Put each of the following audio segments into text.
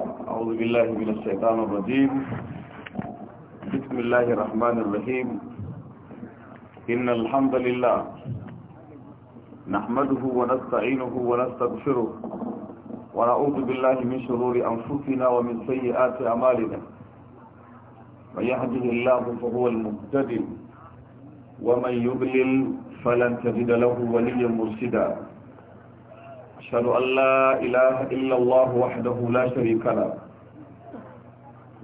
أعوذ بالله من الشيطان الرجيم بسم الله الرحمن الرحيم إن الحمد لله نحمده ونستعينه ونستغفره ونعوذ بالله من شرور أنفسنا ومن سيئات أعمالنا من يهده الله فهو المهتد ومن يضلل فلن تجد له وليا مرشدا أشهد أن لا إله إلا الله وحده لا شريك له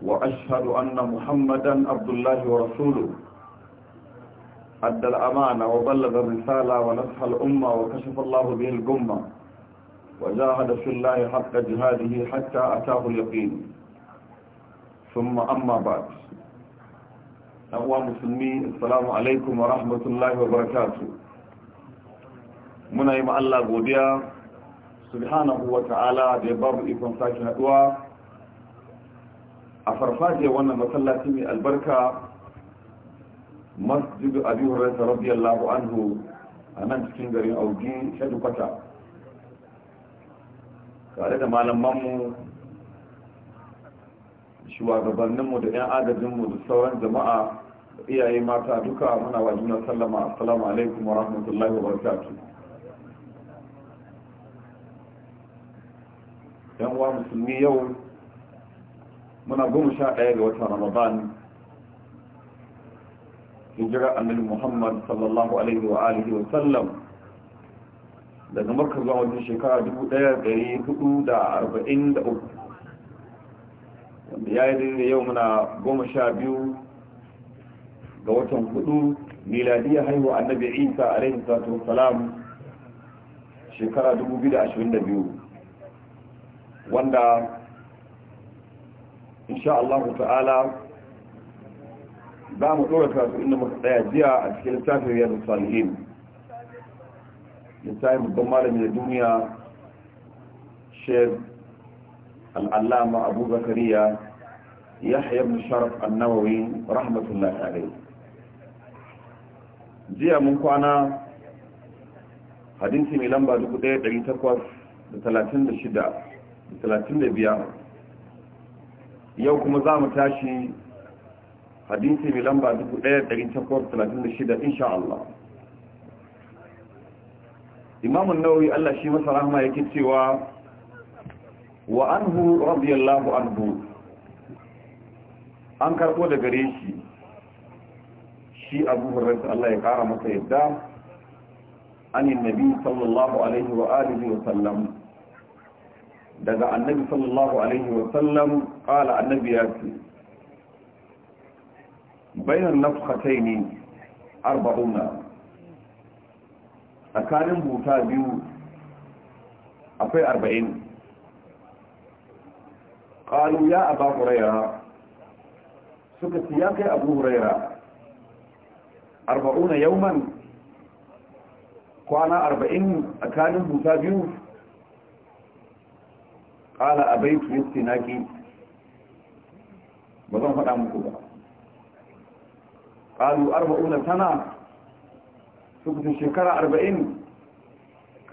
وأشهد أن محمدا عبد الله ورسوله أدى الأمانة وبلغ الرسالة ونصح الأمة وكشف الله به الجمة وجاهد في الله حق جهاده حتى أتاه اليقين ثم أما بعد أهوى مسلمين السلام عليكم ورحمة الله وبركاته muna yi Allah godiya subhanahu wa ta'ala da ya babu ikon sake haduwa a farfaje wannan masallaci mai albarka masjidu abi hurairah labu anhu a nan cikin garin auji shaɗu kwata tare da malamanmu shugabanninmu da 'yan agajinmu da sauran jama'a iyaye mata duka muna wa juna sallama assalamu alaikum wa rahmatullahi wa barakatuh yan uwa musulmi yau muna goma sha ɗaya ga watan ramadan hijira annabi muhammad sallallahu alaihi wa alihi wa sallam daga makka zuwa wajen shekara 1443 wanda ya yi daidai yau muna goma sha biyu ga watan hudu miladiya haihuwa annabi isa alaihi salatu wasalam shekara 2022 wanda insha Allah ta'ala za mu ɗora kasu inda muka tsaya jiya a cikin littafin yadda salihin littafin babban malami da duniya shek al'allama abu zakariya ya hayar da sharaf annawawi rahmatullahi alaihi jiya mun kwana hadisi mai lamba 1836 35 yau kuma za mu tashi hadisi mai lamba 1836 insha Allah imamun nauyi Allah shi masa rahama yake cewa wa anhu radiyallahu anhu an karɓo da gare shi shi abu hurrata Allah ya ƙara masa yadda anin nabi sallallahu alaihi wa alihi wa sallam daga annabi sallallahu alaihi wasallam kala annabi ya ce bayan nafkatai ne arba'una tsakanin buta biyu akwai arba'in ƙalu ya aba huraira suka ce ya kai abu huraira arba'una yauman kwana arba'in tsakanin buta biyu qala abaitu istinaki ba zan faɗa muku ba qalu arba'una sana suka shekara arba'in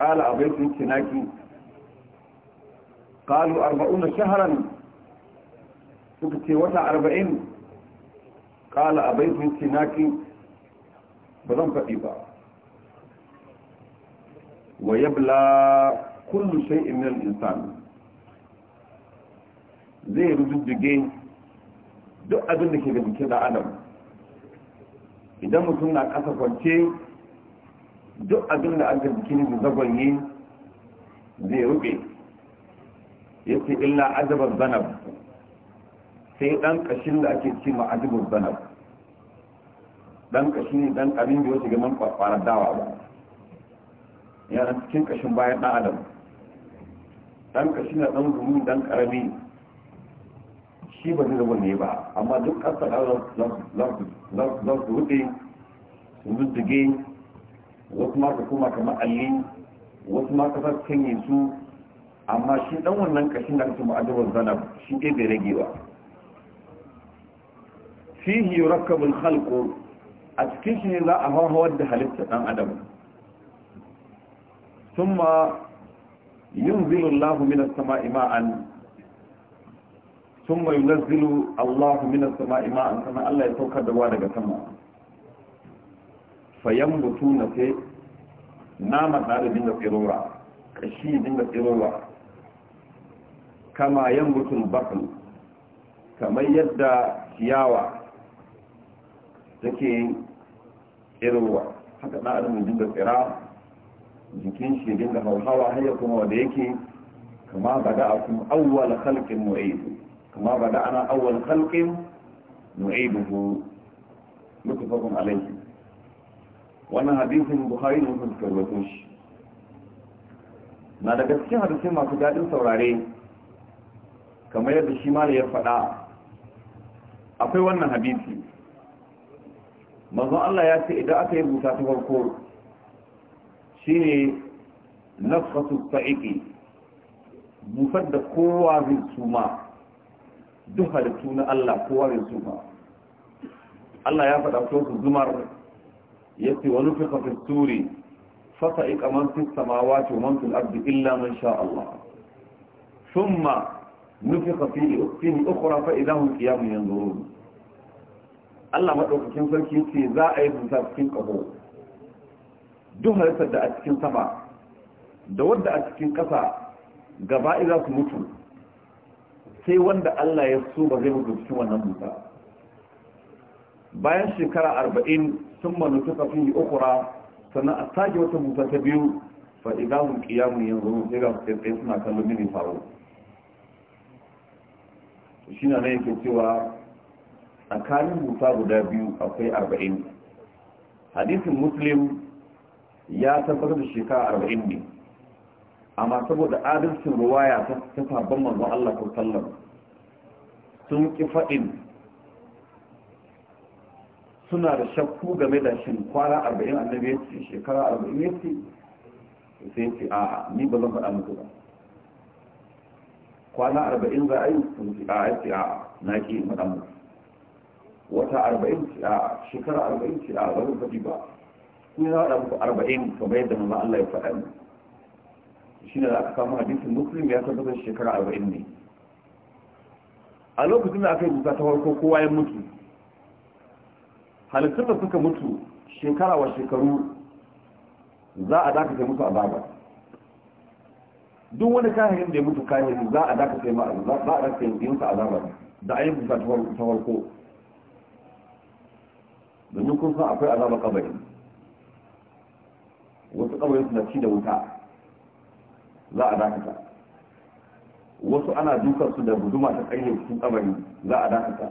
qala abaitu istinaki قالوا أربعون شهرا سكتي ولا أربعين قال أبيت انتناكي بضم فقيبا ويبلى كل شيء من الإنسان zai rujujjuge duk abin da ke da jikin da adam idan mutum na ƙasa kwance duk abin da aka jikin da zagonye zai rufe ya ce illa ajabar zanab sai ɗan ƙashin da ake ce ma ajabar zanab ɗan ƙashi ne ɗan ƙarin da ya shiga man ƙwaƙwarar dawa ba yana cikin ƙashin bayan ɗan adam ɗan ƙashi na ɗan gumi ɗan ƙarami shi ba zai zama ne ba amma duk ƙasar za su rufe su rujjuge wasu ma su koma kamar alli wasu ma kasar canye su amma shi dan wannan kashin da aka ma'adabar zana shi ɗaya bai rage ba fihi rakabin halko. a cikin shi ne za a hawar da halitta dan adam thumma yin Allahu minas sama'i an. sun mai nazzilu allahu minas sama ima'an sannan allah ya saukar da ruwa daga sama fayan butu na sai nama na da dinga tsirowa kashi dinga tsirowa kama yan butun bakul kamar yadda ciyawa take tsirowa haka na adamu dinga tsira jikin shi dinga hauhawa har ya kuma wanda yake kama bada akum awwal khalqin mu'id كما بدأنا أول خلق نعيده متفق عليه وانا حديث البخاري ومسلم كروتوش na daga cikin hadisai masu daɗin saurare kamar yadda shi ma ya faɗa akwai wannan hadisi manzon Allah ya ce idan aka yi buta ta farko shine nafsatu sa'iqi busar da kowa zai suma duk halittu na Allah kowa mai su Allah ya faɗa ko su zumar ya ce wani fi kafin turi fasa ika man samawa ce man fi illa man sha Allah summa nufi kafin fin ukura fa idan hun kiyamun yanzu Allah maɗaukakin sarki ce za a yi busa cikin ƙaho duk halittar da a cikin sama da wadda a cikin ƙasa gaba za su mutu sai wanda Allah ya so ba zai mutu wannan buta bayan shekara arba'in sun manutu kafin yi ukura sannan a sake wata buta ta biyu fa idan kiyamun yanzu sai ga tsaye suna kallon mini faru shi na nan yake cewa tsakanin buta guda biyu akwai arba'in hadisin muslim ya tabbatar da shekara arba'in ne amma saboda adalcin ruwaya ta sabon manzon Allah sallallahu sun ki fadin, suna da shakku game da shin kwana arba'in annabi ya ce shekara arba'in ya ce sai ya ce a ni ba zan faɗa muku ba kwana arba'in za a yi sun ce a ya ce a na ki faɗa muku wata arba'in ce a shekara arba'in ce a ba zan faɗi ba kuma ya faɗa muku arba'in kamar yadda manzon Allah ya faɗa muku shi da aka samu hadisin muslim ya tabbatar shekara arba'in ne a lokacin da aka yi busa ta farko kowa ya mutu halittun da suka mutu shekara wa shekaru za a dakata mutu a baba duk wani kahirin da ya mutu kahirin za a dakata ma za a dakata da a yi busa ta farko domin kun san akwai azaba kabari wasu kabari suna ci da wuta za a dakata wasu ana dukansu da guduma ta kanyar cikin kabari za a dakata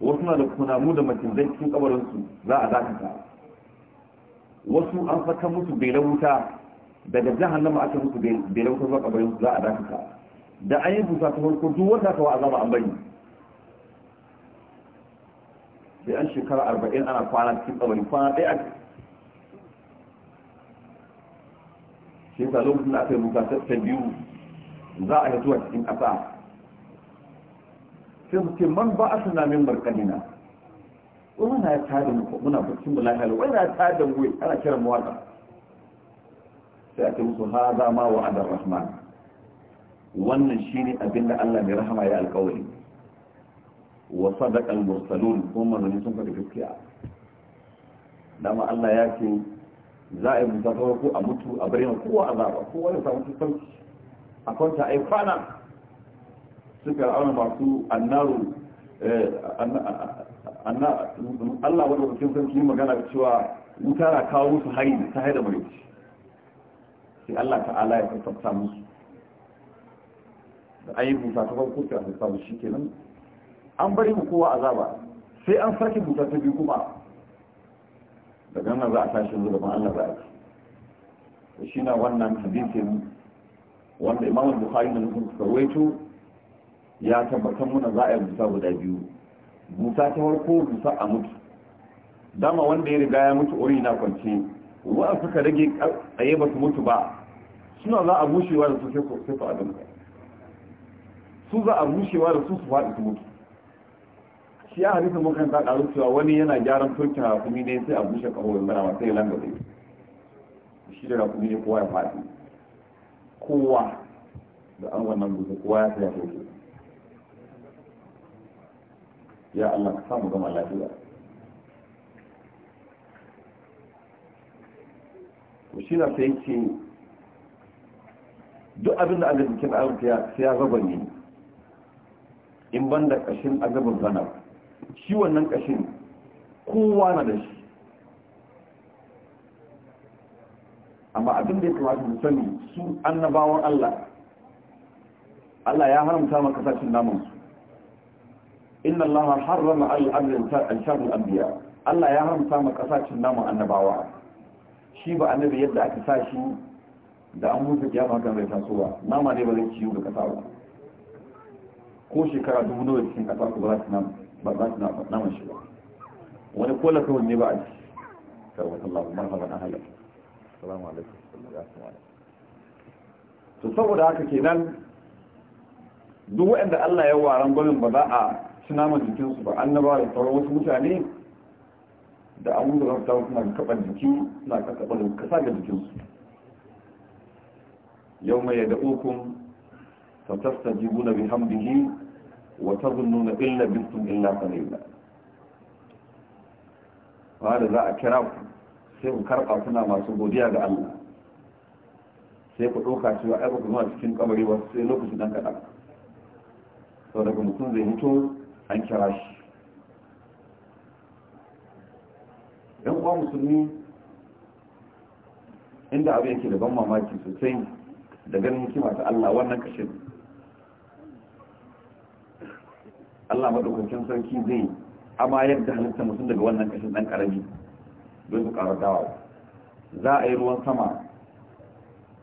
wasu na da kunamu da macizai cikin kabarinsu za a dakata wasu an saka musu belan wuta daga nama aka musu belan wuta zuwa kabarinsu za a dakata da an yi busa ta farko duk wanda aka wa azaba an bari sai an shekara arba'in ana kwana cikin kabari kwana ɗaya shi yasa lokacin da aka yi ruka ta biyu za a yi zuwa cikin ƙasa sai mu ce man ba a suna min barkanina wani na ya tada mu muna barcin mu lafiya wani na ya tada mu ana kiran mu waka sai a ce musu ha za ma wa adar rahman wannan shine abin da Allah mai rahama ya alƙawari wa sadaqa al-mursalun kuma manzon sun faɗi gaskiya dama Allah ya ce za a yi kawai ko a mutu a bari kowa zaɓa kowa ya samu sauki a kwanta a yi fana suka auna masu annaru eh, Allah wadda wakil sarki magana cewa wuta na kawo musu hari ta haida mai sai Allah ta'ala ya sassafta musu da ayi buta ta farko ta sassafta shi kenan an bari mu kowa azaba sai an sarki buta ta biyu kuma daga nan za a tashi zuwa gaban Allah za a ci shi na wannan hadisin wanda imam bukhari da nufin suka ya tabbatar muna za a yi busa guda biyu busa ta farko busa a mutu dama wanda ya riga ya mutu ori na kwance wa suka rage tsaye ba su mutu ba suna za a bushewa da su sai su su za a bushewa da su su faɗi su mutu shi a hadisin mukan ta karu cewa wani yana gyaran turkin hakumi ne sai a bushe kaho ya mara sai ya langabe shi da hakumi ne kowa ya faɗi kowa da an wannan bude kowa ya saya turkin ya Allah ka samu gama lafiya to shi na sai ce duk abin da aka jikin arziki sai ya zaba ne in ban da ƙashin azabin zanar shi wannan kashin kowa na da shi amma abin da ya kamata mu sani su annabawan Allah Allah ya haramta maka sashin naman su inna Allah harrama al-amr anbiya Allah ya haramta maka sashin naman annabawa shi ba annabi yadda aka sashi da an mutu kiyama kan zai tasowa nama ne ba zai ciwo ga kasa ba ko shekara dubu nawa cikin kasa ku ba za su nama ba za su na naman shi ba wani kola kawai ne ba a ci karwata Allah marhaban ahalar salamu alaikum to saboda haka kenan duk waɗanda Allah ya waran gwamin ba za a ci naman jikinsu ba annaba da sauran wasu mutane da abun da zafi tawo suna kaɓar jiki suna kaɓar kasa ga jikinsu yau mai yadda ukun fatastar jibu na bihamdihi وتظنون إلا بنتم إلا قليلا وهذا ذا أكراب سيكون كرقا سنة ما سبوديا ذا الله سيكون روكا سوى أبوك ما تكين قبري وسيلوك سنة كذا فهذا مكون ذي هتو أن كراش يوم قوم inda عند أبيك لبما ما mamaki sosai da مكيمة الله ta Allah Allah maɗaukacin sarki zai amayar da halitta mutum daga wannan kashin ɗan ƙarami don su ƙara dawa za a yi ruwan sama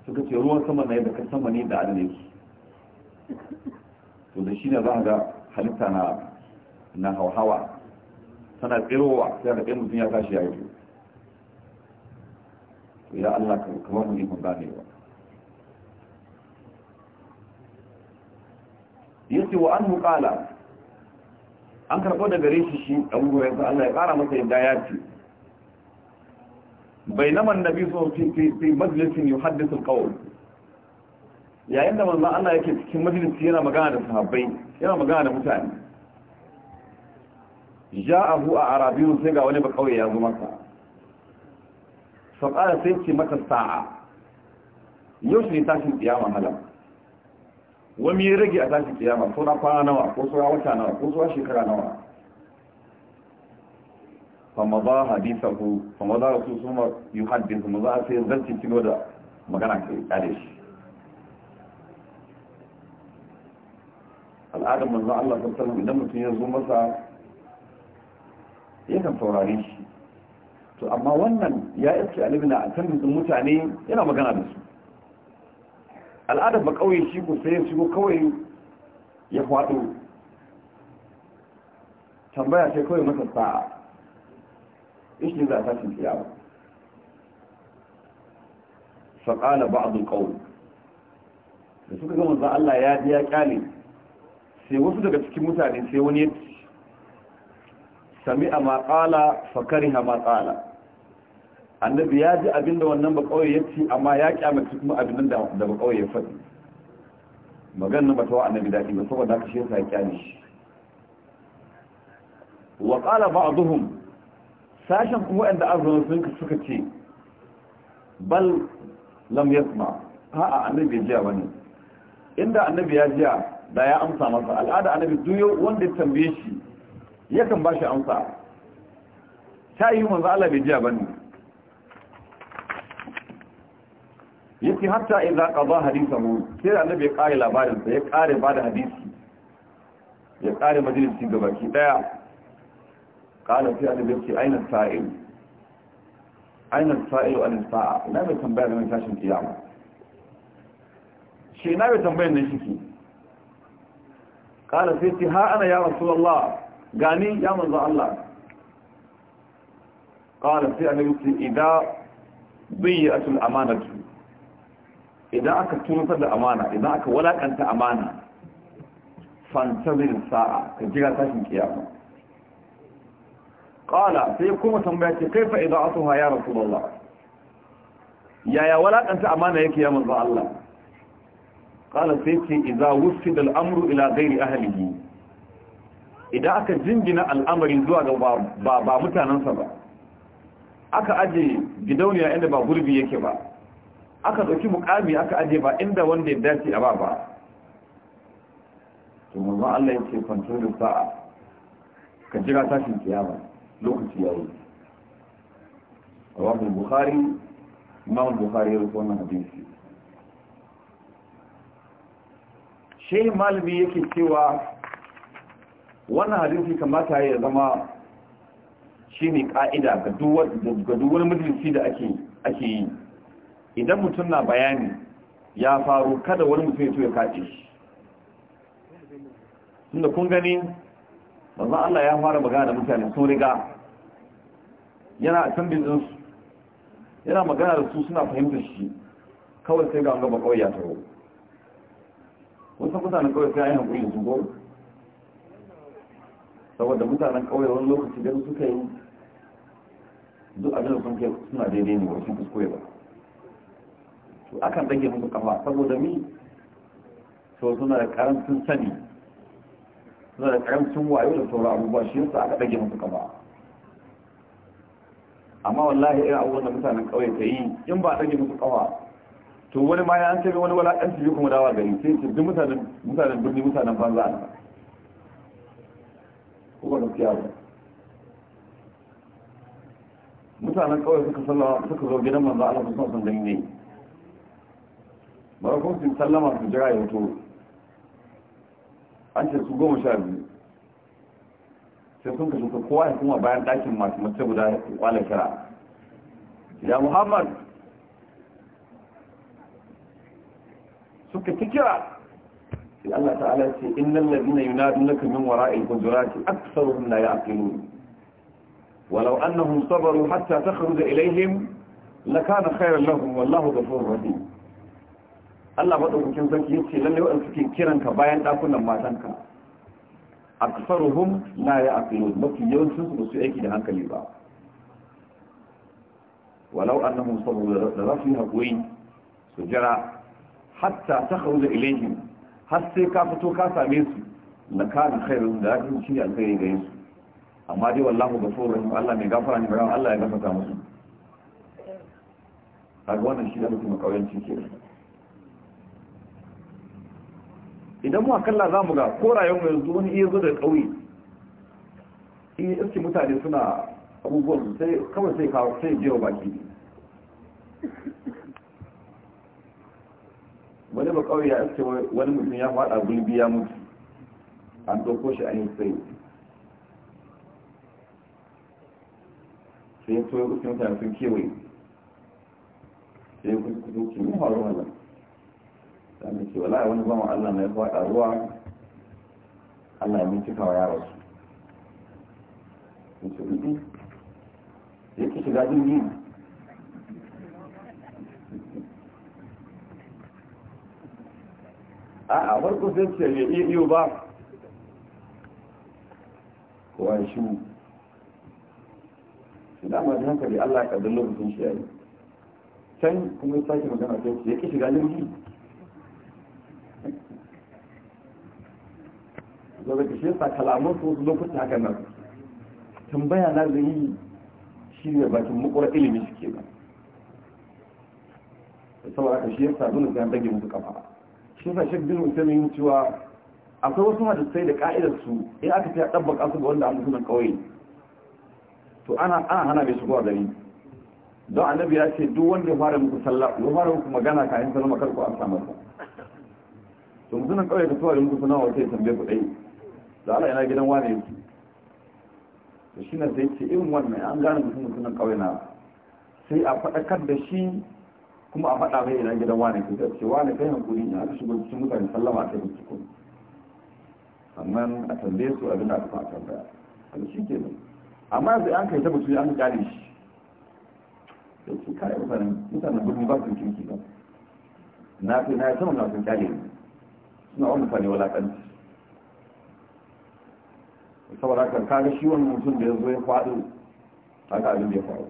suka ce ruwan sama na yadda kan sama ne da adalci to da shi ne za a ga halitta na na hauhawa tana tsirowa sai da ɗin mutum ya tashi ya yi to ya Allah ka kamar mu gane wa yace wa mu qala an karɓo da gare shi shi abu hurairata Allah ya ƙara masa yadda ya ce bai manna biyu so fi majalisun yi haddisun kawai yayin da manzan Allah yake cikin majalisun yana magana da sahabbai yana magana da mutane ja abu a arabiyu sai ga wani bakawai ya zo masa sauƙara sai ce mata sa'a yau shi ne tashin tsiyama halar wani ya rage a tashi kiyama ko na kwana nawa ko sura wata nawa ko sura shekara nawa fama za hadisa ku fama za su su yi haddin su za a sai zarci cino da magana ke kare shi al'adar manzo Allah sallallahu idan mutum ya zo masa ya kan saurare shi to amma wannan ya iske alibina a canjin mutane yana magana da su al'adar ba kawai shi ku sayan shi ko kawai ya faɗo tambaya sai kawai masa ishi ishe ta cin tashin kiyama faƙala ba abin ƙaun da suka gama za Allah ya ya ƙyale sai wasu daga cikin mutane sai wani yadda sami a maƙala fakari ha maƙala annabi ya ji abin da wannan bakawai ya ci amma ya kyamaci kuma abin da bakawai ya faɗi maganin ba ta wa annabi daɗi ba saboda haka shi yasa ya kyale shi wa a duhun sashen kuma yadda azumi sun suka ce bal lam yasma a'a annabi jiya wani inda annabi ya jiya da ya amsa masa al'ada annabi duyo wanda ya tambaye shi yakan ba shi amsa ta yi manzo Allah bai jiya bane yake hatta in za ka ba hadisa mu sai da annabi ya kare sa ya kare ba da hadisi ya kare majalisi ga baki daya kala sai annabi ya ce aina sa'il aina sa'il an sa'a ina mai tambaya ga tashin kiyama shi ina mai tambayar nan shi ke kala sai ce ha ana ya rasulullah gani ya manzo Allah kala sai annabi ya ce idan bi'atul amanatu idan aka tunatar da amana idan aka walakanta amana fantazir sa'a ka jira tashin kiyama qala sai kuma tambaya ce kai kaifa ida'atuha ya rasulullah yaya walakanta amana yake ya manzo Allah qala sai ce idza wusida al-amru ila ghairi ahlihi idan aka jingina al'amarin zuwa ga ba mutanensa ba aka aje gidauniya inda ba gurbi yake ba aka ɗauki mukami aka aje ba inda wanda ya dace a ba ba to manzo Allah ya ce kwanto da sa'a ka jira tashin kiyama lokaci yayi rawahu bukhari imam bukhari ya rufe wannan hadisi Shehin malami yake cewa wannan hadisi kamata ya zama shine ka'ida ga duk wani majalisi da ake ake yi idan mutum na bayani ya faru kada wani mutum ya to ya kace shi tunda kun gani manzon Allah ya fara magana da mutane sun riga yana a can bizinsu yana magana da su suna fahimtar shi kawai sai ga an gaba kawai ya taro wasu mutanen kawai sai ayi kuri su goro saboda mutanen kawai wani lokaci da suka yi duk abin da sun kai suna daidai ne wasu kuskure ba to akan rage musu kafa saboda mi to suna da karancin sani suna da karancin wayo da sauran abubuwa shi yasa aka rage musu kafa amma wallahi irin abubuwan da mutanen kauye ta yi in ba a rage musu kafa to wani ma ya an ce wani wala ɗan cibi kuma dawa gari sai su duk mutanen mutanen birni mutanen banza a nan kuma gaskiya mutanen kawai suka sallama suka zo gidan manzo Allah sun san gani ne bari kuma sun sallama su jira ya wuto an ce su goma sha biyu sai sun kashe su kowa ya kuma bayan ɗakin masu mace guda kwalar kira ya muhammad suka ci kira sai allah ta'ala ce innan lalina yunadu na kamin wara'in kujurati aksaruhun na ya aqilu ولو أنهم صبروا حتى تخرج إليهم لكان خيرا لهم والله غفور رحيم Allah madaukakin sarki yace lalle waɗanda suke kiran ka bayan dakunan matanka ya la ya'qilun mafi yawancin su su aiki da hankali ba walau annahum sabaru da rafi haƙuri su jira hatta ta hau da ilayhim har sai ka fito ka same su na kana khairun da za yi shi alkhairi gare su amma dai wallahu ghafurur rahim Allah mai gafara ne bayan Allah ya gafarta musu kaga wannan shi da mutum kauyanci kenan idan mu kalla za mu ga ko rayuwar yanzu wani iya zo da ƙauye in iske mutane suna abubuwan sai kawai sai kawo sai wa baki wani ba ƙauye ya iske wani mutum ya faɗa gulbi ya mutu an ɗauko shi an yi sai sai ya toye kusur mutane sun kewaye sai ya kusa kusa kusa kusur wanda ke wala wani zama Allah mai faɗa ruwa Allah ya binci kawai yaro su su ɗi yake shiga jirgin a a farko sai ce ya iya iyo ba kowa ya shi shi dama da hankali Allah ya ƙaddar lokacin shi ya yi can kuma ya sake magana sai Ya ke shiga jirgin lokaci shi yasa kalaman su wasu lokuta haka nan tambaya na zai yi shi ne bakin makwar ilimi shi ke da saboda haka shi yasa dole sai an dage musu kafa shi yasa shi bin mutum yin cewa akwai wasu hadisai da ka'idar su in aka fi ɗabbaka su ga wanda an mutumin kawai to ana ana hana mai shigowa gari don annabi ya ce duk wanda ya fara muku sallah ya fara muku magana kayan sallama kar ku amsa masa to mutumin kawai ka tuwa da muku sanawa sai tambaye ku ɗaya da ala yana gidan wane yanki da shi na zai ce irin wannan an gane mutum mutumin kawai na sai a faɗakar da shi kuma a faɗa mai yana gidan wane ke da ce wane kai hankuli ne aka shigo cikin mutane sallama a kai cikin sannan a tambaye su abin da aka fa a tambaya da shi ke nan amma yanzu an kai ta mutum an gane shi da ce kare mutanen mutanen gudun ba su kirki ba na fi na yi sama na sun kyale suna wani fane walakanci saboda kan kaga shi wannan mutum da ya ya faɗo haka abin da ya faru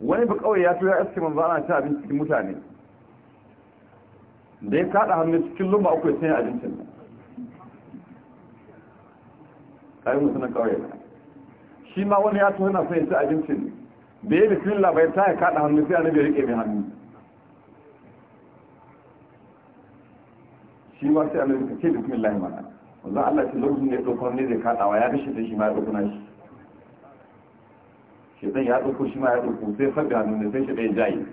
wani ba kawai ya tura aski manzo ana cin abinci cikin mutane da ya kaɗa hannu cikin lumba uku ya sanya abincin nan kayan mutum na kawai shi ma wani ya tura na sanya cin abincin da ya bismillah bai ta ya kaɗa hannu sai annabi ya rike mai hannu shi ma sai annabi ka ce bismillah mana wanzan Allah ce lokacin da ya ɗauko ne zai kaɗawa ya kashe da shi ma ya ɗauko na shi shaitan ya ɗauko shi ma ya ɗauko sai sabbi hannu ne sai shaitan ya jaye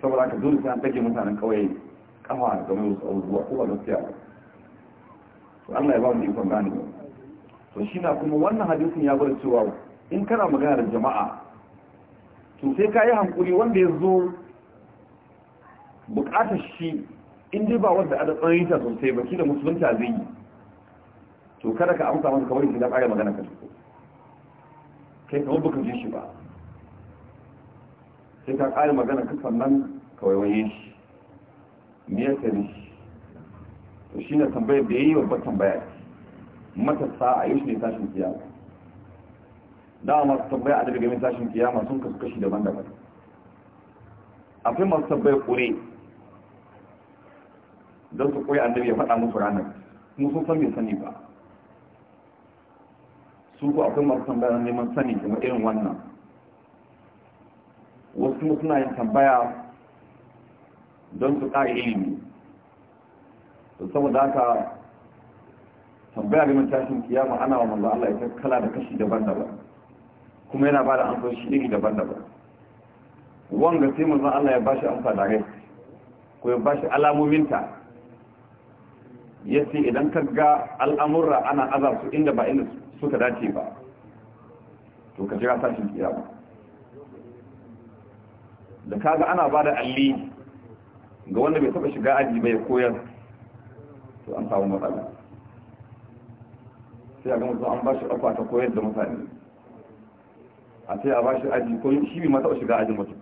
saboda haka dole sai an tage mutanen kawai kafa game da wasu abubuwa ko ba na siya to Allah ya ba mu ikon gane ba to shi na kuma wannan hadisin ya gwada cewa in kana magana da jama'a to sai ka yi hankuri wanda ya zo bukatar shi in dai ba wanda aka tsanani ta sosai ba da musulunta zai yi to kada ka amsa masa kamar da ƙara magana ka tuko kai kamar baka ji shi ba sai ka ƙara magana ka sannan ka waye shi me ya sani shi to na tambayar da yayi babbar tambaya matasa a yau ne tashin kiyama Dawa masu tambaya a daga gami tashin kiyama sun kasu kashi daban-daban akwai masu tambayar ƙure don su koyi annabi ya faɗa musu ranar kuma sun san bai sani ba su ko akwai masu tambaya neman sani kuma irin wannan wasu kuma suna yin tambaya don su ƙari ilimi saboda haka tambaya neman tashin kiyama ana wa manzo Allah ita kala da kashi daban-daban kuma yana ba da amsoshi iri daban-daban wanga sai manzo Allah ya bashi amsa da rai ko ya bashi alamominta ya ce idan ka ga al'amurra ana azar su inda ba inda suka dace ba to ka jira sashin kiyama da kaga ana ba da alli ga wanda bai taba shiga aji bai koyar to an samu matsala sai a ga mutum an ba shi akwa ta koyar da mutane a sai a ba shi aji ko shi bai ma taba shiga ajin mutum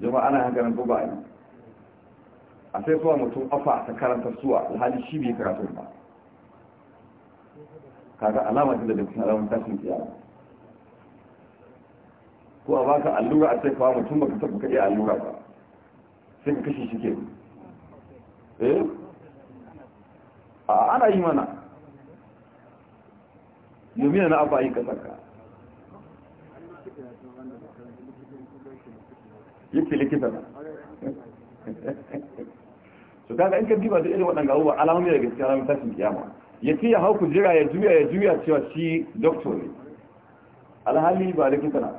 jama'a ana hankalin ko ba a yi a sai kowa mutum afa ta karanta suwa alhali shi bai karatu ba kaga alama ce da dukkan alamun tashin kiyama ko a baka allura a sai kowa mutum baka taɓa kaɗe allura ba sai ka kashe shi ke eh a ana yi mana yomina na ka saka Yi likita na to kaga in ka diba da irin waɗanda abubuwa alamomi da gaskiya alamomi tashin kiyama ya ce ya hau kujera ya juya ya juya cewa shi doktor ne alhali ba likita na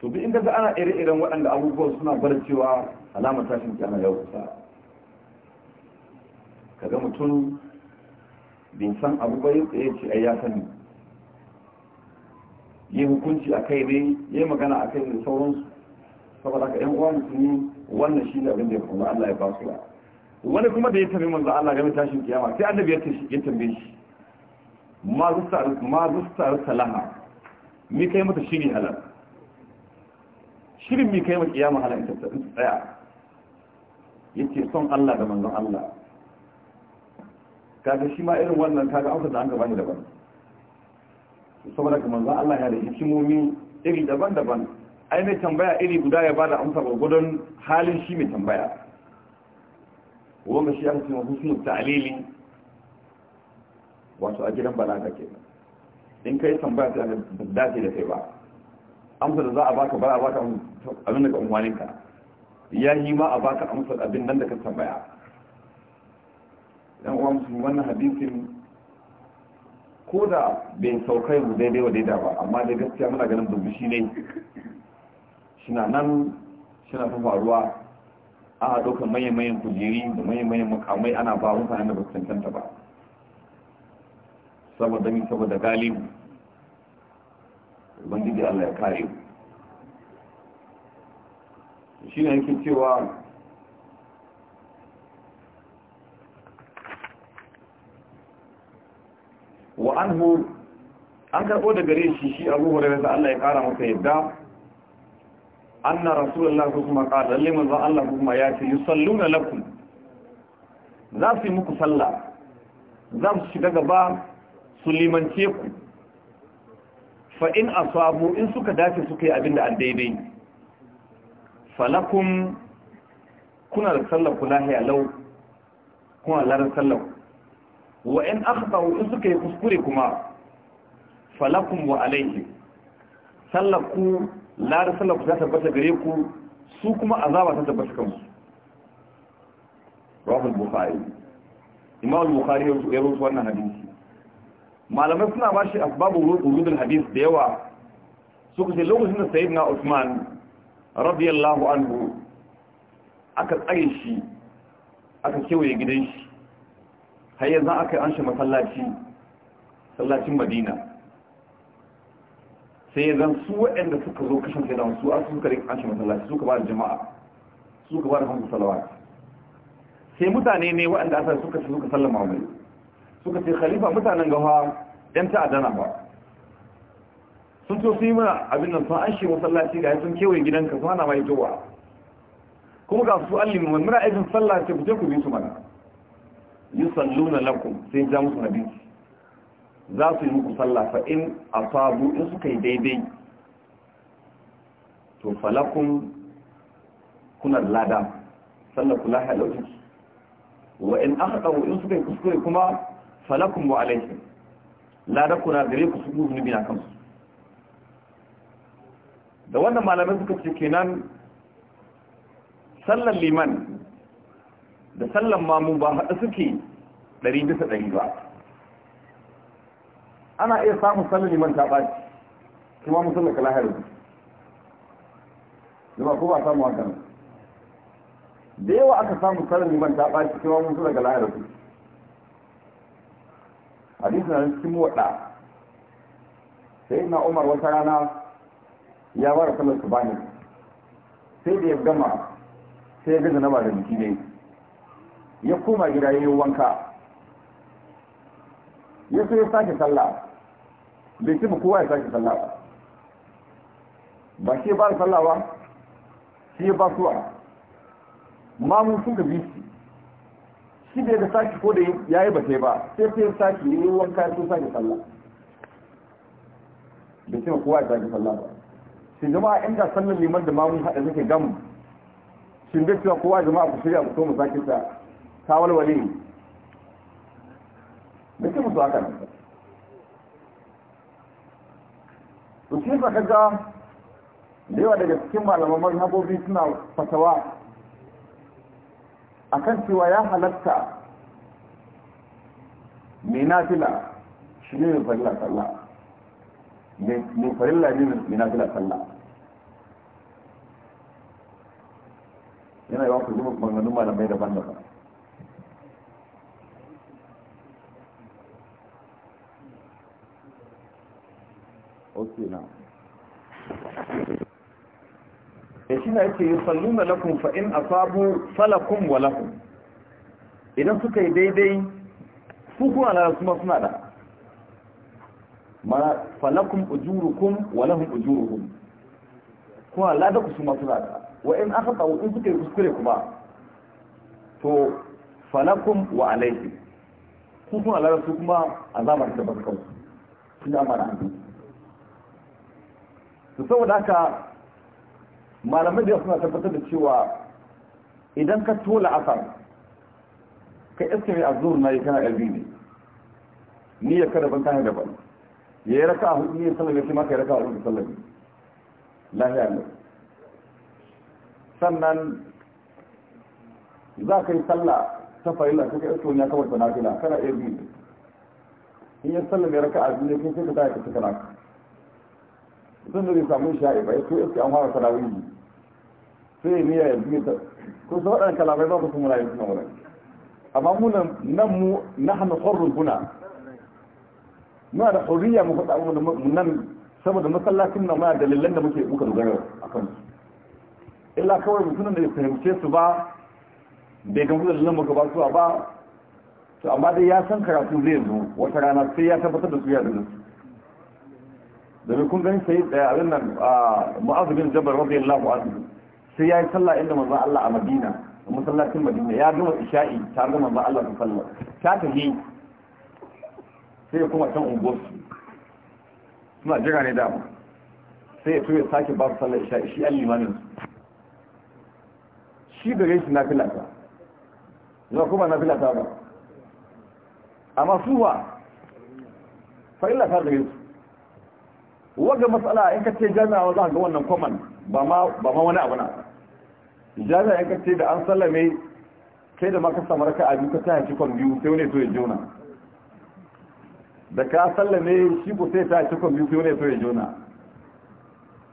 to bi in ga ana ire-iren waɗanda abubuwa suna bar cewa alamar tashin kiyama yau kusa kaga mutum bin san abubuwa ba ya tsaye ce ai ya sani yi hukunci a kai ne yi magana a kai ne sauransu saboda ka yan uwa ne wannan shi ne abin da ya kuma Allah ya ba su wani kuma da ya tabi manzo Allah game tashin kiyama sai annabi ya tashi ya tambaye shi ma zustar ma zustar salaha mi kai mata shiri halal shirin mi kai mata kiyama halal ita tsaya yace son Allah da manzon Allah kaga shi ma irin wannan kaga auka da an gaba ne daban saboda kuma manzon Allah ya da hikimomi iri daban-daban ai mai tambaya iri guda ya bada amsa gudun halin shi mai tambaya wanda shi aka cewa husnul ta'lili wato a gidan balaga kenan in kai tambaya ta dace da kai ba amsa da za a baka ba a baka abin da ka unwaninka ya yi ma a baka amsa abin nan da ka tambaya dan uwan musu wannan hadisin ko da bai saukai mu daidai wa daidai ba amma da gaskiya muna ganin shi ne suna nan suna ta faruwa a dokar mayan-mayan kujeri da mayan-mayan makamai ana ba mutane da ba su cancanta ba saboda min saboda galibu ubangiji allah ya kare shi ne yake cewa wa anhu an karɓo da gare shi shi abu hurairar da allah ya kara masa yadda anna rasulullah kuma qala liman za Allah kuma ya ce yusalluna lakum za su yi muku sallah za su shiga gaba su limance ku fa in asabu in suka dace suka yi abinda an daidai falakum kuna da sallar ku lahiya lau kuna larar sallar wa in akhtahu in suka yi kuskure kuma falakum wa alayhi sallar ku ladar sallar ku ta tabbata gare ku su kuma azaba ta tabbata kansu rahul bukhari imam bukhari ya rusu wannan hadisi malamai suna ba shi asbabun rudul hadis da yawa suka ce lokacin da sayyidina usman radiyallahu anhu aka tsare shi aka kewaye gidan shi har yanzu aka yi an shi masallaci sallacin madina sai ya zan su waɗanda suka zo kashin sai da su a suka rin an shi masallaci suka ba da jama'a suka ba da hanku salawat sai mutane ne waɗanda asar suka ce suka sallama mai suka ce khalifa mutanen gawa yan ta'adana ba sun to su yi mana abin nan sun an shi masallaci ga sun kewaye gidanka su hana mai towa kuma ga su allin mun muna aikin sallah ce ku je ku bi su mana yusalluna lakum sai ja musu nabi za su yi muku sallah fa in asabu in suka yi daidai to falakun kuna lada sannan kula halauci wa in aka tsawo in suka yi kuskure kuma falakun wa alaikin lada kuna gare ku su zunubi na kansu da wannan malamai suka ce kenan sallan liman da sallan mamu ba haɗa suke ɗari bisa ɗari ba ana iya samun sanin liman ta ɓaci kuma musulun ka lahari da ba ko ba samu haka nan da yawa aka samu sanin liman ta ɓaci kuma musulun ka lahari hadisi na cikin waɗa sai na umar wata rana ya bara sanar su bani sai da ya gama sai ya gaza na ba da jiki ne ya koma gida ya yi wanka ya so ya sake sallah bai ce ba kowa ya sake sallah ba ba shi ba da sallah ba shi ba suwa mamun sun gabi shi shi da ya sake ko da ya yi ba sai ba sai sai ya sake yi kayan sun sake sallah bai ce ba kowa ya sake sallah ba shi jama'a inda sallar liman da mamun haɗa suke gamu shi bai cewa kowa jama'a ku shirya ku so mu sake sa ta walwale ne bai ce musu haka to shi ka da yawa daga cikin malaman mazhabobi suna fatawa kan cewa ya halatta mai nafila shi ne mai farilla sallah mai farilla ne mai nafila sallah yana yawan ku zuma maganganun malamai daban-daban ok na ya eh, shi na yake yi salluna lakum fa'in a sabu falakun wa lakum idan suka yi daidai su kuna na rasu suna da mana falakun ujurukun wa ujurukun ujurukum kuna lada ku su masu da wa in aka tsawo in suka yi kuskure kuma to falakun wa alaiki. Su kuna lada su kuma azabar da basu suna mara hannu to saboda haka malamai da suna tabbatar da cewa idan ka tola asar ka iska mai azur na yi kana ɗalbi ne ni ya kada ban kayan daban ya yi raka a hudu ne sallar ya maka ya raka a hudu sallar lahiya ne sannan za ka yi sallah ta farilla ka kai iska ya kawar da nafila kana ɗalbi ne in yi sallar ya raka a hudu ne kai sai ka tafi ka cika naka sun da zai samu sha'i ba ya to yake an fara ne sai ya niyya ya biyu ta ko sa waɗanda kalamai ba ku sun mulayin suna wurin amma mu nan mu na hannu hurrun kuna muna da horiya mu faɗa mu nan saboda masallacin nan muna dalilan da muke muka dogara a kan su illa kawai mutum da ya fahimce su ba bai gamsu da dalilan muka ba su ba to amma dai ya san karatu zai zo wata rana sai ya tabbatar da su ya da su domin kun gani sai abin nan mu'azu bin jabal radiyallahu anhu sai yayi sallah inda manzo Allah a Madina a masallacin Madina ya gama isha'i tare da manzo Allah ta sallah ta tafi sai kuma can unguwar su suna jira ne dama sai ya tuya sake ba su sallar isha'i shi an limamin shi da shi na filata zuwa kuma na filata ba amma su ba fa'ilata da su waga matsala in ka ce jami'a za ga wannan kwaman ba ma wani abu na jami'a in ka ce da an sallame kai da ma ka abin raka ka ta haifi kwan biyu sai wani to jona da ka sallame shi ko sai ta haifi kwan biyu sai wani to ya jona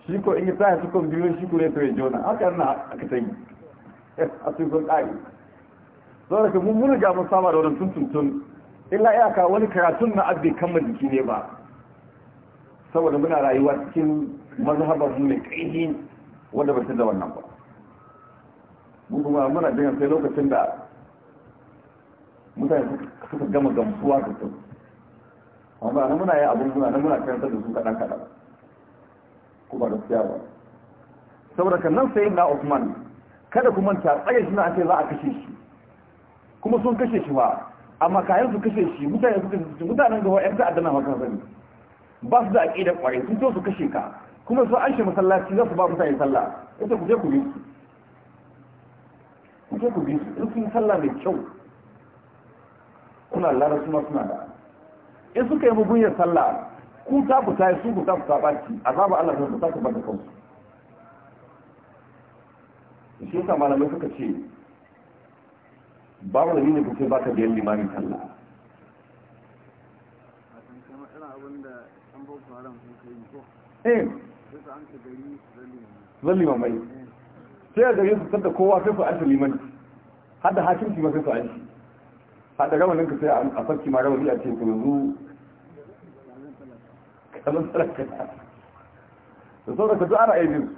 shi ko in yi ta haifi kwan biyu shi ku ne to jona haka na aka ta yi a cikin ƙari da ka mun riga mun saba da wannan tuntuntun illa iyaka wani karatun na abin kammar jiki ne ba saboda muna rayuwa cikin mazhabar mai ƙaihi wanda ba da wannan ba mun kuma muna jiran sai lokacin da mutane suka gama gamsuwa da su amma na muna yi abin muna na muna karantar da su kaɗan kaɗan kuma da siya ba saboda kan nan sai na Usman kada kuma ta tsaye shi a ce za a kashe shi kuma sun kashe shi ba amma kayan su kashe shi mutane su kashe shi mutanen gaba yan ta'adda na maka sani ba su da aƙida ƙwarai sun so su kashe ka kuma su an shi masallaci za su ba mutane sallah ita ku je ku bi su ku je ku bi su in sun sallah mai kyau kuna lara suna suna da in suka yi mugunyar sallah ku ta ku tayi su ku ta ku ta baki azaba Allah ta ta ku bada kansu shi yasa malamai suka ce babu da ne kuke ka biyan limamin sallah Eh. zan limamai sai a gari su sadda kowa sai su arta liman har da hakimci ma sai su aiki har da rawanin ka sai a sarki ma rawani a ce ku yanzu kalan tsaraka da saboda ka duk ana aibin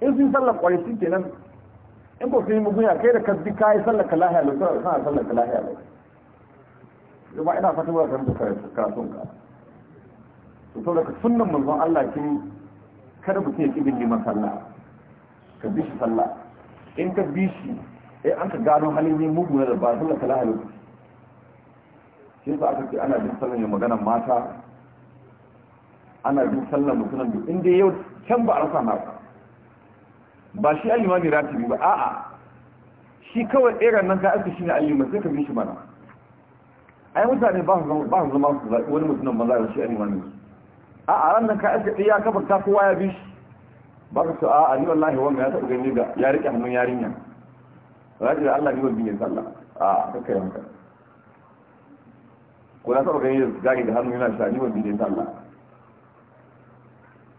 in sun sallar kwarai sun kenan in ba su yi mugunya kai da kasbi ka yi sallar ka lahiya lau sana sallar ka lahiya lau ina fatan ba ka rubuta karatun ka to saboda sunnan manzon Allah ce kada mutum ya kibin liman sallah ka bi shi sallah in ka bi shi eh an ka gano halin ne mu na da ba sallah kala halin shi yasa aka ce ana bin sallan ya magana mata ana bin sallan mutumin da inda yau can ba a rasa na ba shi alimami ratibi ba a'a shi kawai tseren nan ka aiki shi ne alimami sai ka bi shi mana ai mutane ba su zama su wani mutumin maza a shi alimami a ranar ran nan ka aske ya kafa ta kowa ya bi shi ba ka so a a ni wallahi wanga ya taɓa gani ga ya riƙe hannun yarinya za ki da Allah ni wani bin sallah a kaka yanka ko ya taɓa gani da zagi da hannun yana sha ni wani bin sallah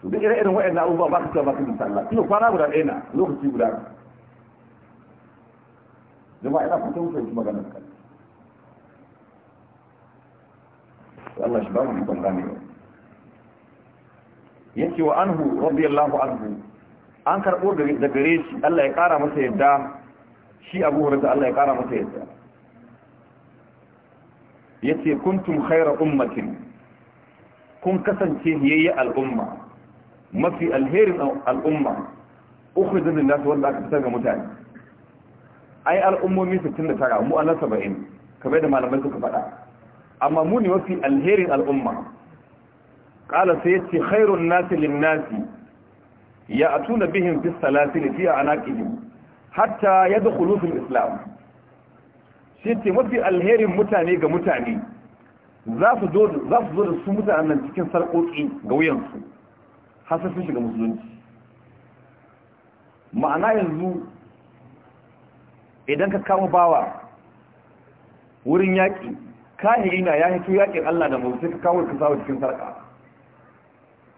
to duk irin wa'annan abubuwa ba ka so ba ka bin sallah ina kwana guda ɗaya na lokaci guda na jama'a ina fata wuce wuce maganar kan Allah shi ba mu ikon ganewa yake wa anhu radiyallahu anhu an karbo da gare shi Allah ya kara masa yadda shi Abu Hurairah Allah ya kara masa yadda yace kuntum khayra ummatin kun kasance yayi al'umma mafi alherin al'umma ukhrijat lin-nas wanda aka fitar ga mutane ai al'ummomi 69 mu an 70 kamar da malamai suka faɗa amma mu ne mafi alherin al'umma ƙala sai ya ce khairun nasi lin nasi ya tuna bihin fi salatin fi anaqihim hatta yadkhulu fil islam shi ce mafi alherin mutane ga mutane za su zo da su mutanen cikin sarƙoƙi ga wuyansu har sun shiga musulunci ma'ana yanzu idan ka kama bawa wurin yaƙi kahiri na ya hito yaƙin Allah da musulunci ka kawo ka sawo cikin sarƙa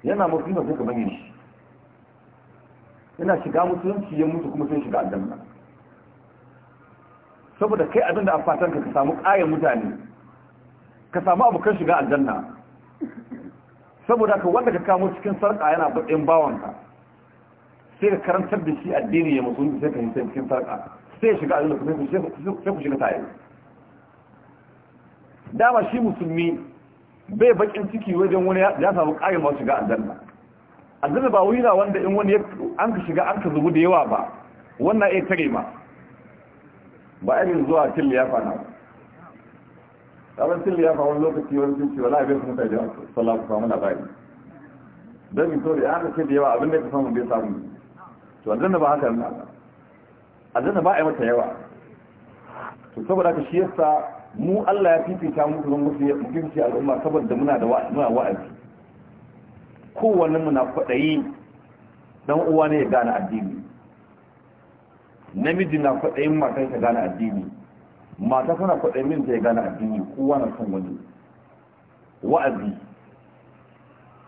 yana musulunta sai ka yin shi yana shiga musulunci ya mutu kuma sai shiga aljanna saboda kai abin da afatan ka samu kayan mutane ka samu abokan shiga aljanna saboda ka wanda ka kamo cikin sarƙa yana baɗin bawanka sai ka karantar da shi addini ya mutu sai ka hisa cikin sarƙa sai ya shiga aljanna kuma sai ku shiga tare dama shi musulmi bai bakin ciki wajen wani ya samu ƙarin masu shiga aljanna aljanna ba wuri na wanda in wani an ka shiga an ka zubu da yawa ba wannan ya tare ma ba irin zuwa liyafa na fana sabon tilli liyafa fana lokaci wani cinci wala bai sun sai da sallah ku samu labari don mi to da ya ce da yawa abin da ka samu bai samu to aljanna ba haka nan aljanna ba a yi mata yawa to saboda ka shi yasa mu Allah ya fifita mu don musu ya fifita al'umma saboda muna da wa'azi kowanne muna kwaɗayi dan uwa ne ya gane addini namiji na kwaɗayin matan ka gane addini mata kana kwaɗayin min ta ya gane addini kowa na son wani wa'azi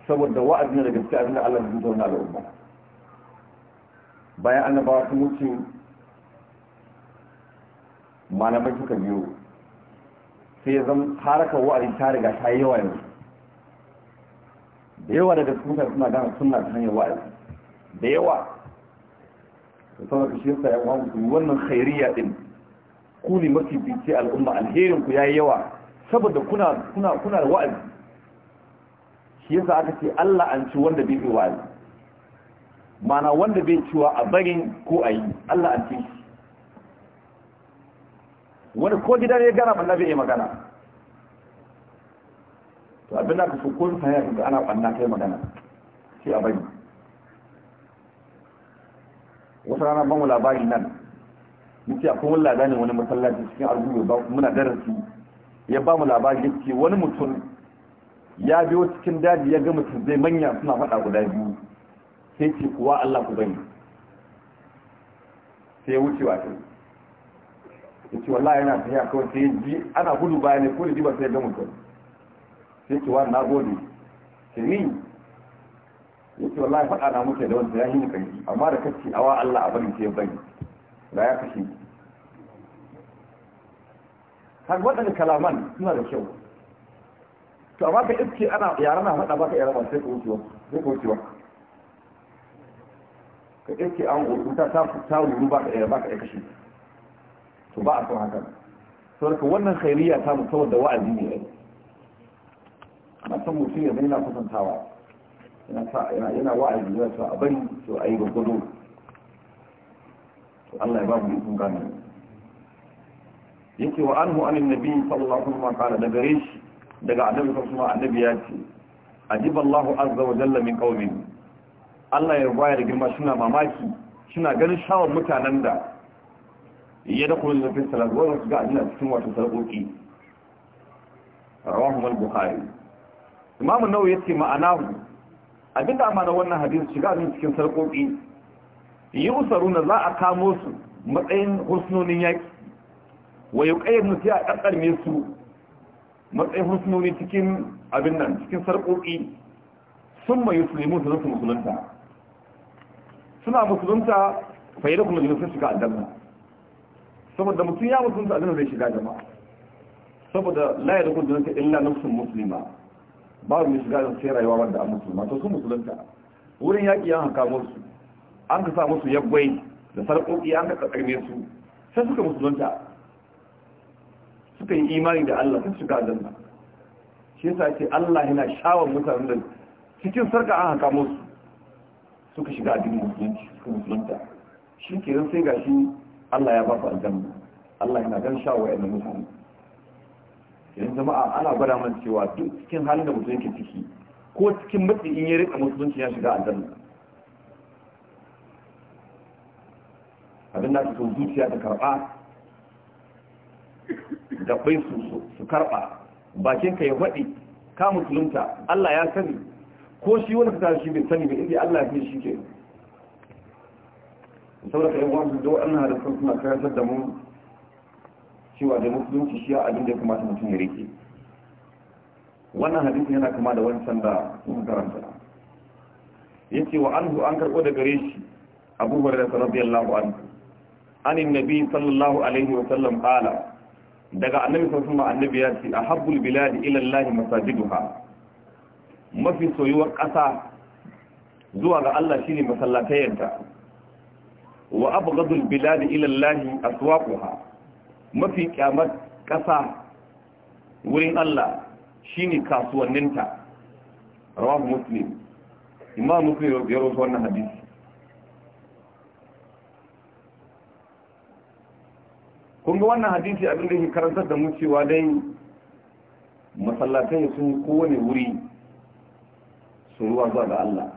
saboda wa'azi ne da gaske abin da Allah ya zuwa na al'umma bayan annabawa sun wuce malamai suka biyo sai ya zama harakar wa'azin ta riga ta yi yawa yanzu da yawa daga suka suna gana suna ta hanyar wa'azi da yawa da sama ka shirta ya wa musu wannan khairiyya din ku ne mafi bice al'umma alherin ku yi yawa saboda kuna kuna kuna da wa'azi shi yasa aka ce Allah an ci wanda bai wa'azi mana wanda bai ciwa a barin ko a yi Allah an ci shi wani ko gida ne gana banna bai magana to abin da ka so ko sai ya ga ana banna kai magana sai a bari Wasu rana ban labari nan muke a kuma labarin wani masallaci cikin argugu ba muna darasi ya ba mu labari yake wani mutum ya biyo cikin daji ya ga mutum zai manya suna faɗa guda biyu sai ce kuwa Allah ku bani sai wucewa sai. yace wallahi yana tafiya kawai sai ji ana gudu baya ne ko da ji ba sai ga mutum sai ce wa na gode ce ni yace wallahi faɗa na muke da wanda ya yi ni kai amma da kacce awa Allah a bari sai bari da ya kashe kan waɗanda kalaman suna da kyau to amma ka iske ana yara na faɗa baka yara ba sai ka wucewa sai ka wucewa ka iske an gudu ta ta ta wuru baka yara ba ka kashe to ba a son haka saboda wannan khairiyya ta mu saboda wa'azi ne na san mutum ya yana kusantawa yana wa'azi yana cewa a bari to a yi gudu to Allah ya ba mu ikon gane yake wa anhu anin nabi sallallahu alaihi wa sallam da gare shi daga annabi sallallahu alaihi annabi ya ce allah azza wa jalla min qaumin Allah ya bayar girma suna mamaki suna ganin shawar mutanen da ya da kuma lafiyar salat wanda su ga adina cikin wata sarƙoƙi rawahu mal bukhari imamu nawa ya ce ma'ana abinda amana wannan hadisi shiga adina cikin sarƙoƙi yi usaru na za a kamo su matsayin hursunonin yaƙi wa yi ƙayyar nufi a ƙarƙarme su matsayin hursunoni cikin abin nan cikin sarƙoƙi sun mai musulmi su musulunta suna musulunta fayyar kuma jirgin shiga aljanna saboda mutum ya su aljanna zai shiga jama'a saboda layar da kudin dunka illa nafsun musulma babu mai shiga da sai rayuwa wanda a musulma to su musulunta wurin yaƙi an haka musu an ka sa musu yaggwai da sarƙoƙi an ka tsarkarme su sai suka musulunta suka yi imani da Allah sun shiga aljanna shi yasa ce Allah yana shawar mutanen da cikin sarka an haka musu suka shiga addinin musulunci suka musulunta shi kenan sai gashi Allah ya ba su aljanna Allah yana gan sha wa'annan mutane yanzu jama'a ana gwada mana cewa duk cikin halin da mutum yake ciki ko cikin matsi in ya rika musulunci ya shiga aljanna abin da su zuciya ta karba da bai su su karba bakin ka ya faɗi ka musulunta Allah ya sani ko shi wani fitar shi bai sani bai inda Allah ya fi shi ke saboda kai ana da waɗannan halittun suna karantar da mu cewa da musulunci shi abin da ya kamata mutum ya rike wannan hadisin yana kama da wancan da mun karanta Ya ce wa anhu an karbo da gare shi Abu Hurairah radiyallahu anhu anin nabi sallallahu alaihi wa sallam qala daga annabi sallallahu alaihi annabi ya ce ahabbul biladi ila masajiduha mafi soyuwar ƙasa. zuwa ga Allah shine masallatayanta wa abghadul bilad ila Allah aswaquha mafi kyamar kasa wurin Allah shine kasuwanninta rawahu muslim imam muslim ya rawaito wannan hadisi kun ga wannan hadisi abin da yake karantar da mu cewa dai masallatai sun kowane wuri su ruwa zuwa ga Allah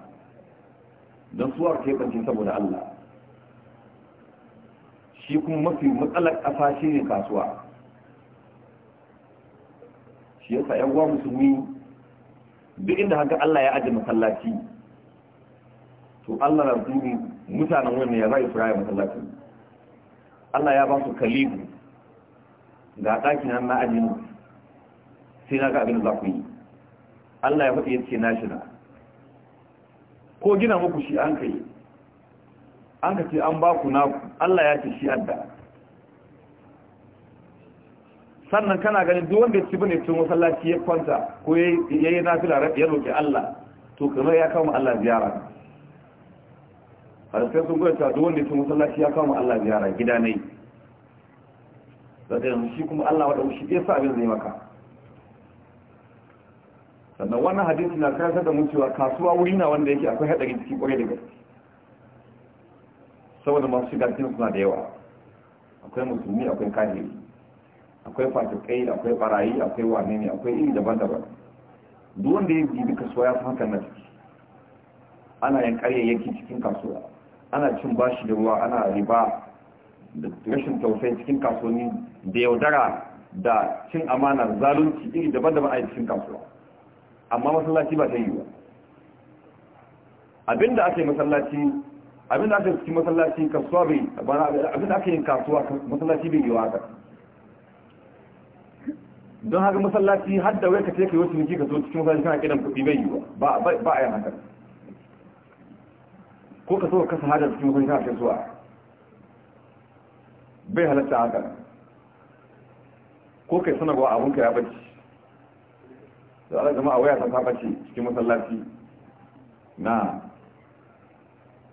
don suwar keɓance saboda Allah shi kuma mafi matsalar ƙasa shi ne kasuwa shi yasa sa uwa musulmi duk inda haka Allah ya ajiye masallaci to Allah na dubi mutanen wani ya zai fura ya masallaci Allah ya ba su kalibu ga ɗakin na na ajin sai na ga abin da za ku yi Allah ya faɗi ya ce nashina ko gina muku shi an kai an ka ce an ba ku naku Allah ya ce shi yadda sannan kana ganin duk wanda ci bane tun masallaci ya kwanta ko ya yi nafila ya roƙi Allah to kamar ya kawo Allah ziyara har sai sun gwada duk wanda tun masallaci ya kawo Allah ziyara gida ne da yanzu shi kuma Allah wada shi ya sa abin zai maka sannan wannan hadisi na kasar da mun cewa kasuwa wuri na wanda yake akwai hadari ciki kwarai da gaske saboda masu shiga cikin suna da yawa akwai musulmi akwai kahiri akwai fatakai akwai barayi akwai wane ne akwai iri daban-daban duk wanda ya bibi kasuwa ya fi hakan na ciki ana yin karyayyaki cikin kasuwa ana cin bashi da ruwa ana riba da rashin tausayi cikin kasuwanni da yaudara da cin amana zalunci iri daban-daban a cikin kasuwa amma masallaci ba ta yi ba abinda ake masallaci abin da aka yi cikin masallaci kasuwa bai abin da aka yi kasuwa masallaci bai yiwa haka don haka masallaci har da wai ka ce ka yi wasu miki ka zo cikin masallaci kana kiran kuɗi bai yiwa ba a yi haka ko ka so ka kasa hajar cikin masallaci kana kasuwa bai halatta haka ko kai sanarwa abinka ya bacci da ala jama'a waya ta ta bacci cikin masallaci na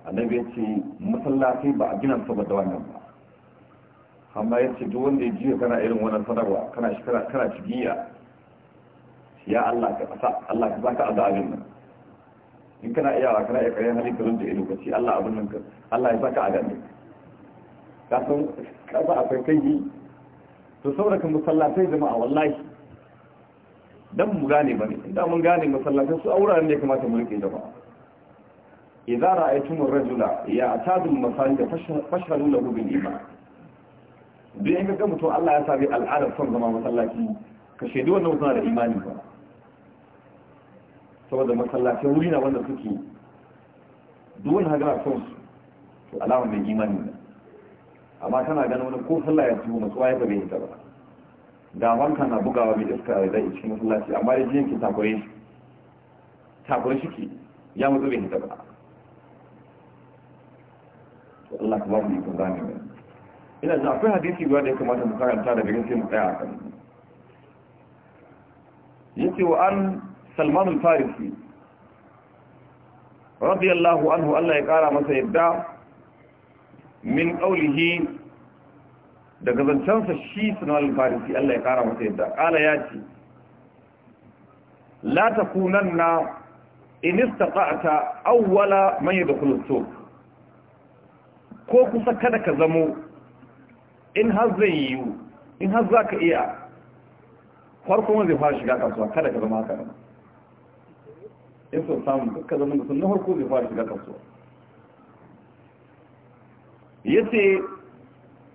annabi ya ce masallaci ba a gina saboda wannan ba amma ya ce duk wanda ya jiya kana irin wannan sanarwa kana shi kana cigiya ya Allah ka sa Allah ka baka azabin nan in kana iyawa kana iya kayan halin garin da ido kace Allah abin nan ka Allah ya a azabin ka san ka ba akwai kai to saboda kan masallatai jama'a wallahi dan mu gane bane idan mun gane masallatai su a wuraren ne kamata mu rike jama'a idza ra'aytum ar-rajula ya'tadu al-masajid fashhadu lahu bil iman duk in ga mutum Allah ya sabi al'adar son zama masallaci ka shaidu wannan mutum da imani saboda masallaci wuri na wanda suke duk wani hagara son su to alama mai imani ne amma kana ganin wani ko sallah ya tuhu matsuwa ya bai ta ba da na bugawa mai iska a zai cikin masallaci amma da jiyan ki takure shi ya matsu bai ta ba Allah kuma mu yi kun zami ba. ina da akwai hadisi guda da ya kamata mu karanta da garin sai mu tsaya a kan yace wa an Salman al-Farisi radiyallahu anhu Allah ya kara masa yadda min qawlihi daga zancansa shi Salman al-Farisi Allah ya kara masa yadda kala yace la takunanna in istaqa'ta awwala man yadkhulu as-suq ko kusa kada ka zamo in har zai yiwu in har za ka iya farko wanzu zai fara shiga kasuwa kada ka zama haka nan in so samu dukkan zaman da sunan harko zai fara shiga kasuwa ya ce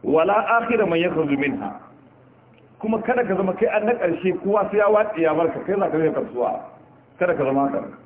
wala akira mai yankar zumin ha kuma kada ka zama kai an na ƙarshe kuwa sai ya watsi ya barka kai za ka zai kasuwa kada ka zama haka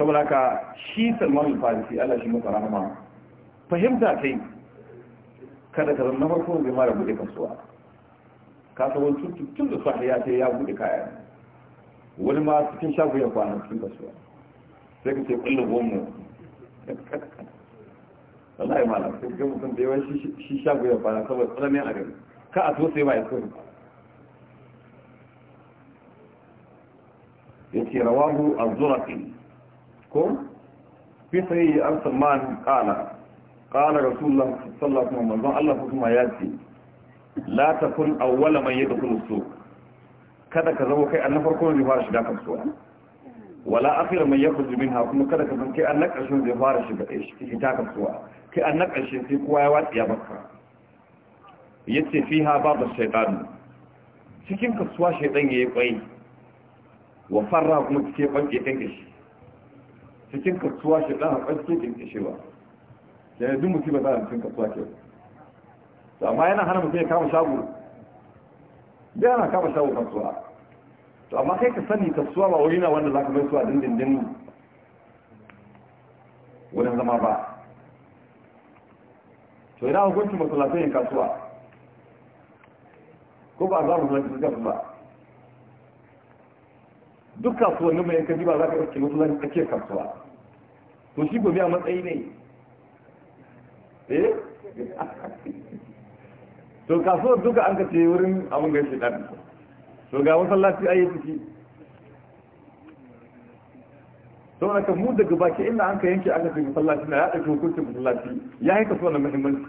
saboda ka shi salman al-farisi Allah shi masa rahama fahimta kai kada ka zama farko bai mara bude kasuwa ka san wani tun da sahi ya ce ya bude kaya wani ma cikin shago ya kwana cikin kasuwa sai ka ce kullum gomu ya mala sai ga mutum da yawan shi shago ya kwana saboda tsananin a gari ka a so sai ba ya so yake rawahu az ko fi sahihi an salman qala qala rasulullah sallallahu alaihi wasallam manzon Allah kuma ya ce la takun awwala man yadkhulu suq kada ka zama kai annabi farko ne fara shiga kasuwa wala akhir man yakhruju minha kuma kada ka zama kai annabi karshen zai fara shiga ita kasuwa kai annabi karshen sai kowa ya ya baka yace fiha babu shaytan cikin kasuwa shaytan yayi kwai wa farra kuma kike banke tanke shi cikin kasuwa shi ɗan haɓar ke ƙinƙishewa yana duk mutum ba za a cikin kasuwa ke to amma yana hana mutum ya kama shago da yana kama shago kasuwa to amma kai ka sani kasuwa ba wuri na wanda za ka mai su a dindindin wurin zama ba to yana hukuncin masu yin kasuwa ko ba za mu zama kasuwa ba duk kasuwannin mai yankan ba za ka ɗauke musulunci tsakiyar kasuwa to shi gobe a matsayi ne eh to kasuwar duka an ka ce wurin abin gaishe ɗan to ga masallaci a yi ciki don haka mu daga baki inda an ka yanke aka fi masallaci na ya ɗauki hukuncin masallaci ya yi kasuwa na muhimmanci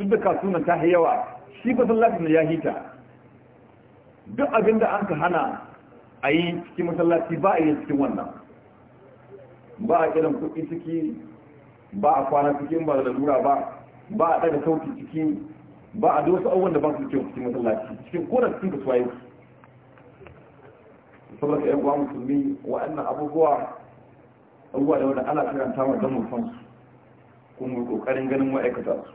duk da kasuwa ta yawa shi masallaci na ya hita duk abin da an ka hana a yi cikin masallaci ba a yi cikin wannan ba a kiran kuɗi ciki ba a kwana cikin ba da lura ba ba a ɗaga sauki ciki ba a dosa wasu abubuwan da ba su cikin cikin masallaci cikin kodar cikin da suwaye saboda ka yi wa musulmi wa'annan abubuwa abubuwa da wanda ana kiran ta don mu san su kuma kokarin ganin ma'aikata su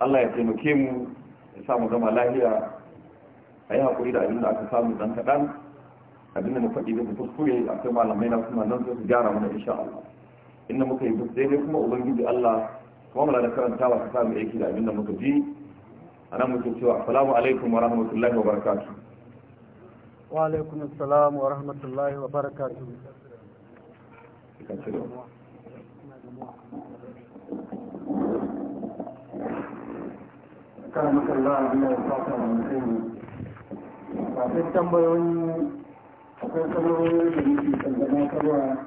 Allah ya taimake mu ya samu zama lahiya a yi haƙuri da abin da aka samu dan kaɗan abinda mu faɗi bisa kuskure akwai malamai na suna nan su gyara mana insha Allah inda muka yi daidai kuma ubangiji Allah kuma mala da karantawa ka samu aiki da abinda muka ji anan muke cewa assalamu alaikum wa rahmatullahi wa barakatuh wa alaikum assalam wa rahmatullahi wa barakatuh kan makalla Allah ya fata mu sai tambayoyi akwai kalmomi da yake kan gabatarwa